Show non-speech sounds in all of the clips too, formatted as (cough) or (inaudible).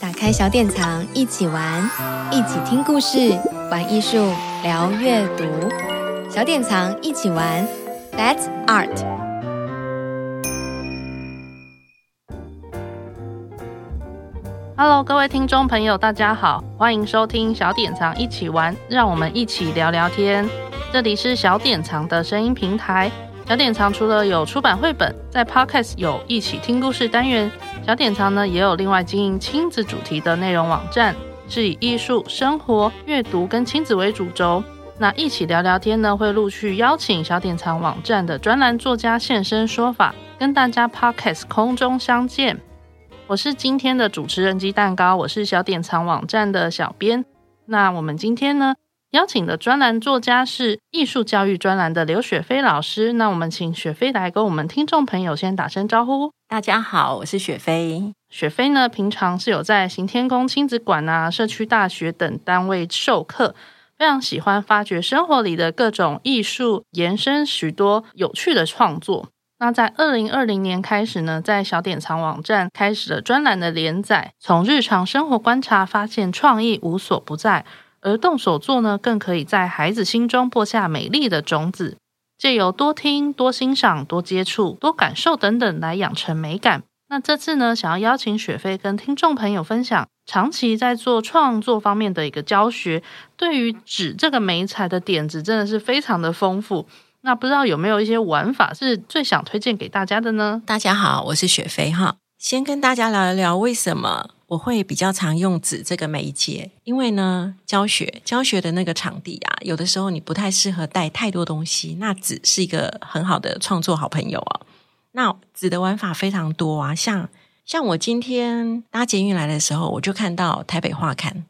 打開小典藏，一起玩，一起聽故事，玩藝術，聊閱讀。小典藏，一起玩，Let's (noise) 's Art。Hello，各位聽眾朋友，大家好，歡迎收聽小典藏一起玩，讓我們一起聊聊天。這裡是小典藏的聲音平台。小典藏除了有出版繪本，在 Podcast 有一起聽故事單元。小典藏呢也有另外經營親子主題的內容網站，是以藝術、生活、閱讀跟親子為主軸。那一起聊聊天呢，會陸續邀請小典藏網站的專欄作家現身說法，跟大家 Podcast 空中相見。我是今天的主持人雞蛋糕，我是小典藏網站的小編。那我們今天呢？邀請的專欄作家是藝術教育專欄的劉雪妃老師。那我們請雪妃來跟我們聽眾朋友先打聲招呼。大家好，我是雪妃。雪妃呢，平常是有在行天宮親子館啊、社區大學等單位授課，非常喜歡發掘生活裡的各種藝術，延伸許多有趣的創作。那在二零二零年開始呢，在小典藏網站開始了專欄的連載，從日常生活觀察發現創意無所不在。而動手做呢，更可以在孩子心中播下美力的種子，借由多聽、多欣賞、多接觸、多感受等等來養成美感。那這次呢，想要邀請雪妃跟聽衆朋友分享，長期在做創作方面的一個教學，對於紙這個媒材的點子真的是非常的豐富。那不知道有沒有一些玩法是最想推薦給大家的呢？大家好，我是雪妃哈，先跟大家聊一聊為什麼。我會比較常用紙這個媒介，因為呢，教學教學的那個場地啊，有的時候你不太適合帶太多東西，那紙是一個很好的創作好朋友啊、哦。那紙的玩法非常多啊，像像我今天搭捷運來的時候，我就看到台北畫刊，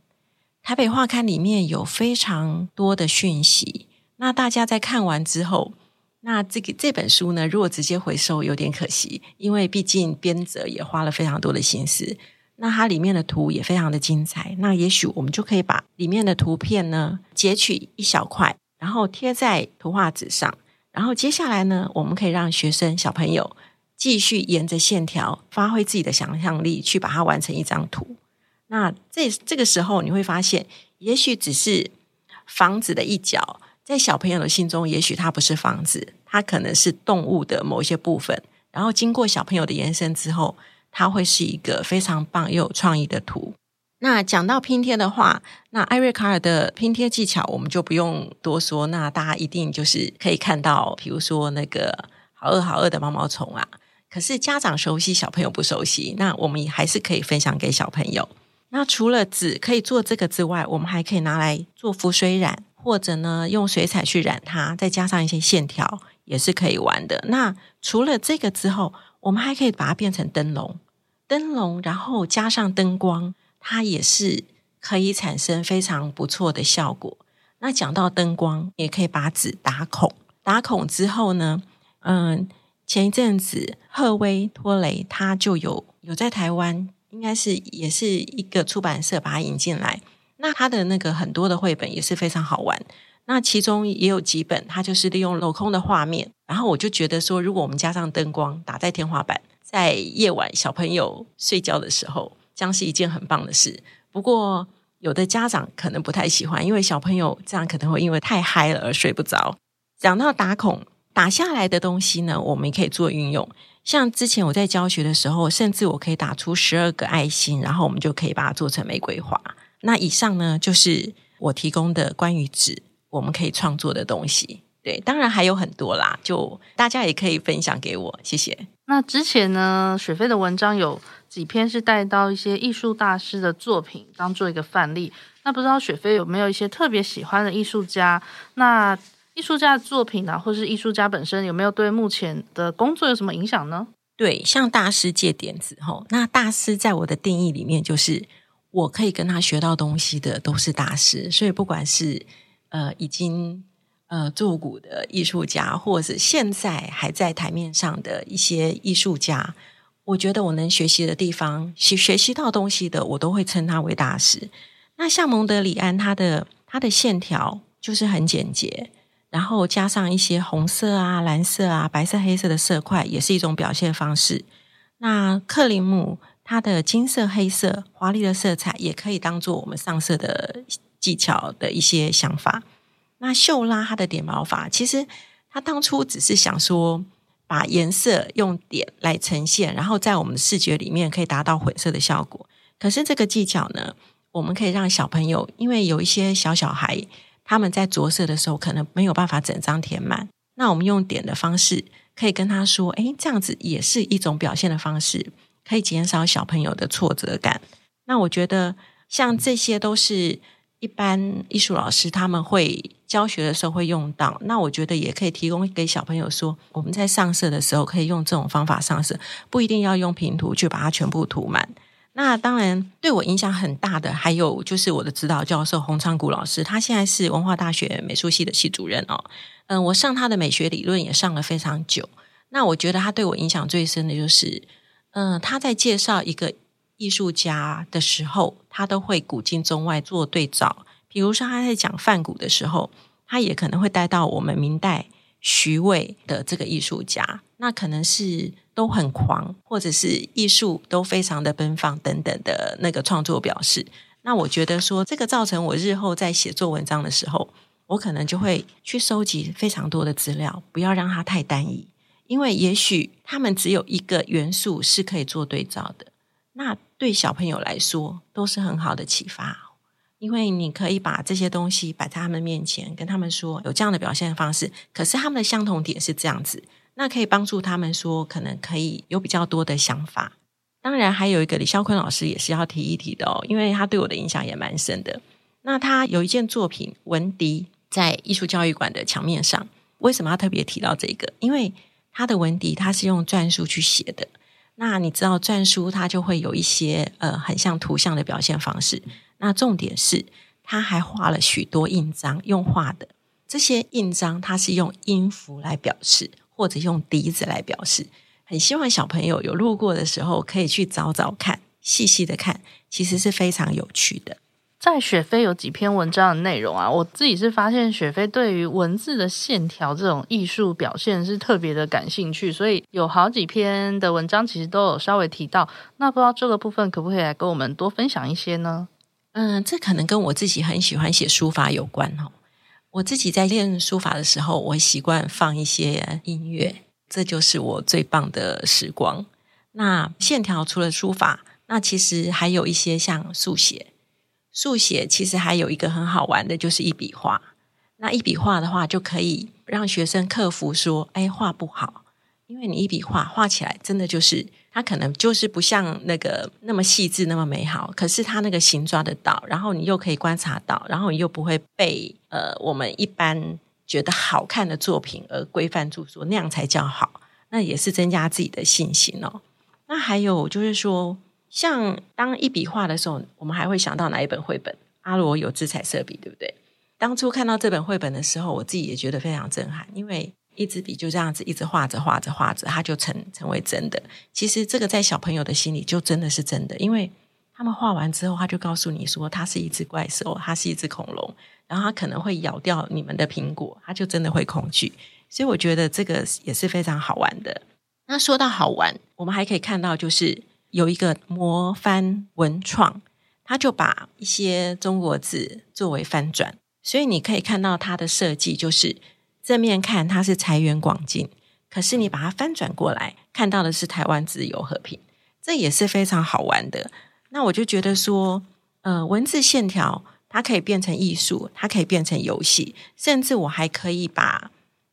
台北畫刊裡面有非常多的訊息。那大家在看完之後，那這個這本書呢，如果直接回收有點可惜，因為畢竟編者也花了非常多的心思。那它裡面的圖也非常的精彩。那也許我們就可以把裡面的圖片呢截取一小塊，然後貼在圖畫紙上。然後接下來呢，我們可以讓學生小朋友繼續沿着線條，發揮自己的想象力去把它完成一張圖。那這這個時候你會發現，也許只是房子的一角，在小朋友的心中，也許它不是房子，它可能是動物的某一些部分。然後經過小朋友的延伸之後。它會是一個非常棒又有創意的圖。那講到拼貼的話，那艾瑞卡爾的拼貼技巧我們就不用多說。那大家一定就是可以看到，比如說那個好餓好餓的毛毛蟲啊。可是家長熟悉，小朋友不熟悉。那我們也還是可以分享給小朋友。那除了紙可以做這個之外，我們還可以拿來做浮水染，或者呢用水彩去染它，再加上一些線條也是可以玩的。那除了這個之後，我們還可以把它變成燈籠，燈籠，然後加上燈光，它也是可以產生非常不錯的效果。那講到燈光，也可以把紙打孔，打孔之後呢，嗯，前一陣子赫威托雷他就有有在台灣，應該是也是一個出版社把它引進來，那他的那個很多的繪本也是非常好玩。那其中也有幾本，它就是利用鏤空的畫面，然後我就覺得說，如果我們加上燈光打在天花板，在夜晚小朋友睡覺的時候，將是一件很棒的事。不過，有的家長可能不太喜歡，因為小朋友這樣可能會因為太嗨了而睡不着。講到打孔打下來的東西呢，我們也可以做運用，像之前我在教學的時候，甚至我可以打出十二個愛心，然後我們就可以把它做成玫瑰花。那以上呢，就是我提供的關於紙。我們可以創作的東西，對，當然還有很多啦。就大家也可以分享給我，謝謝。那之前呢，雪妃的文章有幾篇是帶到一些藝術大師的作品當做一個範例。那不知道雪妃有沒有一些特別喜歡的藝術家？那藝術家的作品啊，或是藝術家本身有沒有對目前的工作有什麼影響呢？對，向大師借點子吼。那大師在我的定義裡面，就是我可以跟他學到東西的都是大師，所以不管是。呃，已經呃作古的藝術家，或者是現在還在台面上的一些藝術家，我覺得我能學習的地方，學習到東西的，我都會稱他為大師。那像蒙德里安，它的它的線條就是很簡潔，然後加上一些紅色啊、藍色啊、白色、黑色的色塊，也是一種表現方式。那克林姆，它的金色、黑色、華麗的色彩，也可以當做我們上色的。技巧的一些想法。那秀拉她的點描法，其實她當初只是想說，把顏色用點來呈現，然後在我們的視覺裡面可以達到混色的效果。可是這個技巧呢，我們可以讓小朋友，因為有一些小小孩他們在着色的時候，可能沒有辦法整張填滿。那我們用點的方式，可以跟他說：“誒，這樣子也是一種表現的方式，可以減少小朋友的挫折感。”那我覺得，像這些都是。一般藝術老師他們會教學的時候會用到，那我覺得也可以提供給小朋友說，我們在上色的時候可以用這種方法上色，不一定要用平塗去把它全部塗滿。那當然對我影響很大的還有就是我的指導教授洪昌谷老師，他現在是文化大學美術系的系主任哦。嗯，我上他的美學理論也上了非常久，那我覺得他對我影響最深的就是，嗯，他在介紹一個藝術家的時候，他都會古今中外做對照。比如說，他在講梵谷的時候，他也可能會帶到我們明代徐渭的這個藝術家。那可能是都很狂，或者是藝術都非常的奔放等等的那個創作表示。那我覺得說，這個造成我日後在寫作文章的時候，我可能就會去收集非常多的資料，不要讓它太單一，因為也許他們只有一個元素是可以做對照的。那對小朋友來說都是很好的啟發哦，因為你可以把這些東西擺在他們面前，跟他們說有這樣的表現方式。可是他們的相同點是這樣子，那可以幫助他們說，可能可以有比較多的想法。當然，還有一個李霄坤老師也是要提一提的哦，因為他對我的影響也蠻深的。那他有一件作品《文迪》在藝術教育館的牆面上，為什麼要特別提到這個？因為他的《文迪》他是用篆書去寫的。那你知道篆書，它就會有一些呃很像圖像的表現方式。那重點是，它還畫了許多印章用，用畫的。這些印章它是用音符來表示，或者用笛子來表示。很希望小朋友有路過的時候，可以去找找看，細細的看，其實是非常有趣的。在雪妃有幾篇文章的內容啊，我自己是發現雪妃對於文字的線條這種藝術表現是特別的感興趣，所以有好幾篇的文章其實都有稍微提到。那不知道這個部分可不可以來跟我們多分享一些呢？嗯，這可能跟我自己很喜歡寫書法有關哦。我自己在練書法的時候，我會習慣放一些音樂，這就是我最棒的時光。那線條除了書法，那其實還有一些像速寫。速寫其實還有一個很好玩的，就是一筆畫。那一筆畫的話，就可以讓學生克服說：“哎，畫不好。”因為你一筆畫畫起來，真的就是它可能就是不像那個那麼細緻、那麼美好。可是它那個形抓得到，然後你又可以觀察到，然後你又不會被呃我們一般覺得好看的作品而規範住說，那樣才叫好。那也是增加自己的信心哦。那還有就是說。像當一筆畫的時候，我們還會想到哪一本繪本？阿羅有支彩色筆，對不對？當初看到這本繪本的時候，我自己也覺得非常震撼，因為一支筆就這樣子一直畫着畫着畫着，它就成成為真的。其實這個在小朋友的心裡就真的是真的，因為他們畫完之後，他就告訴你說，它是一隻怪獸，它是一隻恐龍，然後它可能會咬掉你們的蘋果，它就真的會恐懼。所以我覺得這個也是非常好玩的。那說到好玩，我們還可以看到就是。有一個魔翻文創，他就把一些中國字作為翻轉，所以你可以看到它的設計，就是正面看它是財源廣進，可是你把它翻轉過來，看到的是台灣自由和平，這也是非常好玩的。那我就覺得說，呃，文字線條它可以變成藝術，它可以變成遊戲，甚至我還可以把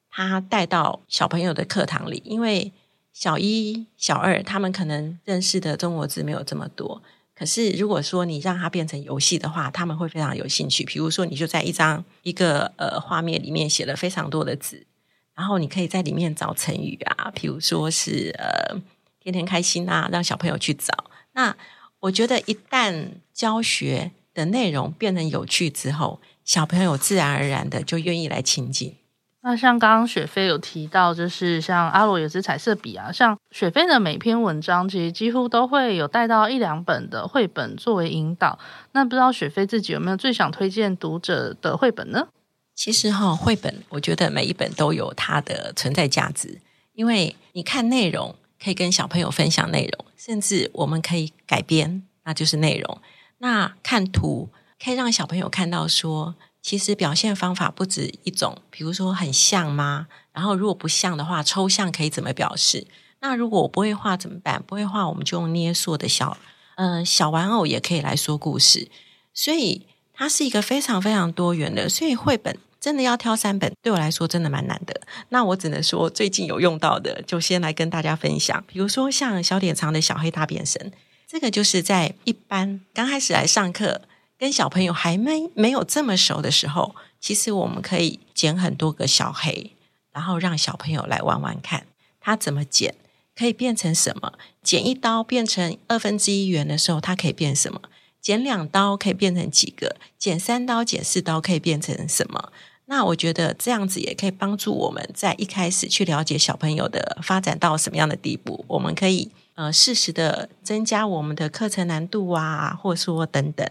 它帶到小朋友的課堂裡，因為。小一、小二，他們可能認識的中國字沒有這麼多，可是如果說你讓他變成遊戲的話，他們會非常有興趣。比如說，你就在一張一個呃畫面裡面寫了非常多的字，然後你可以在裡面找成語啊，比如說是呃“天天開心”啊，讓小朋友去找。那我覺得，一旦教學的內容變成有趣之後，小朋友自然而然的就願意來親近。那像剛剛雪妃有提到，就是像阿羅有支彩色筆啊。像雪妃的每篇文章，其實幾乎都會有帶到一兩本的繪本作為引導。那不知道雪妃自己有沒有最想推薦讀者的繪本呢？其實哈、哦，繪本我覺得每一本都有它的存在價值，因為你看內容可以跟小朋友分享內容，甚至我們可以改編，那就是內容。那看圖可以讓小朋友看到說。其實表現方法不止一種，比如說很像嗎？然後如果不像的話，抽象可以怎麼表示？那如果我不會畫怎麼辦？不會畫我們就用捏塑的小，嗯、呃，小玩偶也可以來說故事。所以它是一個非常非常多元的。所以繪本真的要挑三本，對我來說真的蠻難的。那我只能說最近有用到的，就先來跟大家分享。比如說像小典藏的小黑大變身，這個就是在一般剛開始來上課，跟小朋友還沒沒有這麼熟的時候，其實我們可以剪很多個小黑，然後讓小朋友來玩玩看，他怎麼剪可以變成什麼？剪一刀變成二分之一圓的時候，它可以變什麼？剪兩刀可以變成幾個？剪三刀、剪四刀可以變成什麼？那我覺得這樣子也可以幫助我們在一開始去了解小朋友的發展到什麼樣的地步，我們可以呃適時的增加我們的課程難度啊，或者說等等。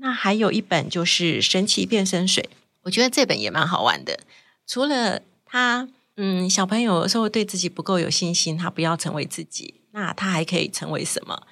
那還有一本就是《神奇變身水》，我覺得這本也蠻好玩的。除了他，嗯，小朋友的時候對自己不夠有信心，他不要成為自己，那他還可以成為什麼？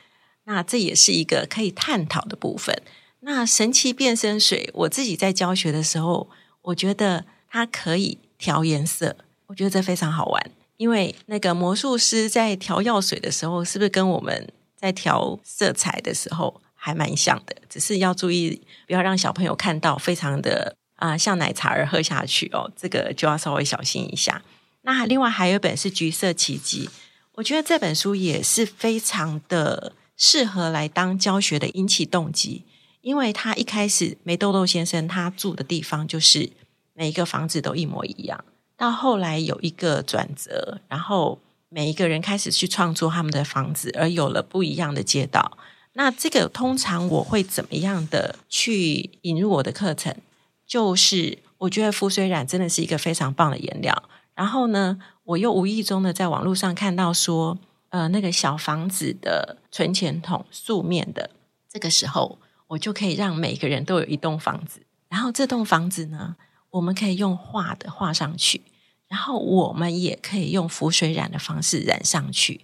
那這也是一個可以探討的部分。那《神奇變身水》，我自己在教學的時候，我覺得它可以調顏色，我覺得這非常好玩，因為那個魔術師在調藥水的時候，是不是跟我們在調色彩的時候？還蠻像的，只是要注意不要讓小朋友看到，非常的啊、呃，像奶茶而喝下去哦，這個就要稍微小心一下。那另外還有一本是《橘色奇蹟》，我覺得這本書也是非常的適合來當教學的引起動機，因為他一開始梅豆豆先生他住的地方就是每一個房子都一模一樣，到後來有一個轉折，然後每一個人開始去創作他們的房子，而有了不一樣的街道。那這個通常我會怎麼樣的去引入我的課程？就是我覺得浮水染真的是一個非常棒的顏料。然後呢，我又無意中的在網絡上看到說，呃，那個小房子的存錢筒素面的，這個時候我就可以讓每個人都有一棟房子。然後這棟房子呢，我們可以用畫的畫上去，然後我們也可以用浮水染的方式染上去。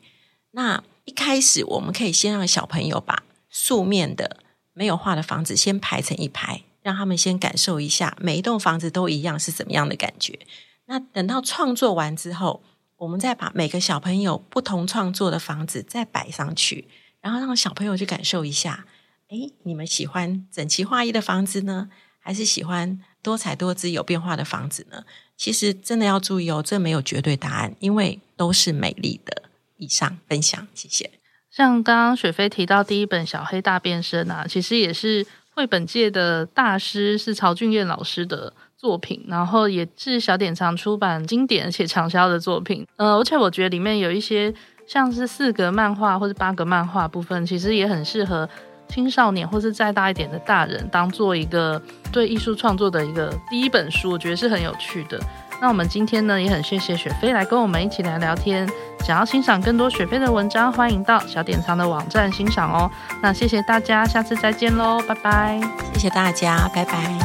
那一開始，我們可以先讓小朋友把素面的，沒有畫的房子先排成一排，讓他們先感受一下每一棟房子都一樣是怎麼樣的感覺。那等到創作完之後，我們再把每個小朋友不同創作的房子再擺上去，然後讓小朋友去感受一下，誒、欸，你們喜歡整齊劃一的房子呢，還是喜歡多彩多姿、有變化的房子呢？其實真的要注意哦，這沒有絕對答案，因為都是美麗的。以上分享，謝謝。像剛剛雪妃提到第一本《小黑大變身》啊，其實也是繪本界的大師，是曹俊彥老師的作品，然後也是小典藏出版經典且暢銷的作品。呃，而且我覺得裡面有一些像是四格漫畫或是八格漫畫部分，其實也很適合青少年或是再大一點的大人當做一個對藝術創作的一個第一本書，我覺得是很有趣的。那我們今天呢也很謝謝雪妃來跟我們一起來聊天。想要欣賞更多雪妃的文章，歡迎到小典藏的網站欣賞哦。那謝謝大家，下次再見嘍，拜拜。謝謝大家，拜拜。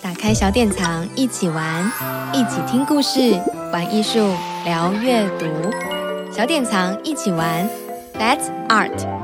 打開小典藏，一起玩，一起聽故事，玩藝術，聊閱讀。小典藏，一起玩，That's Art。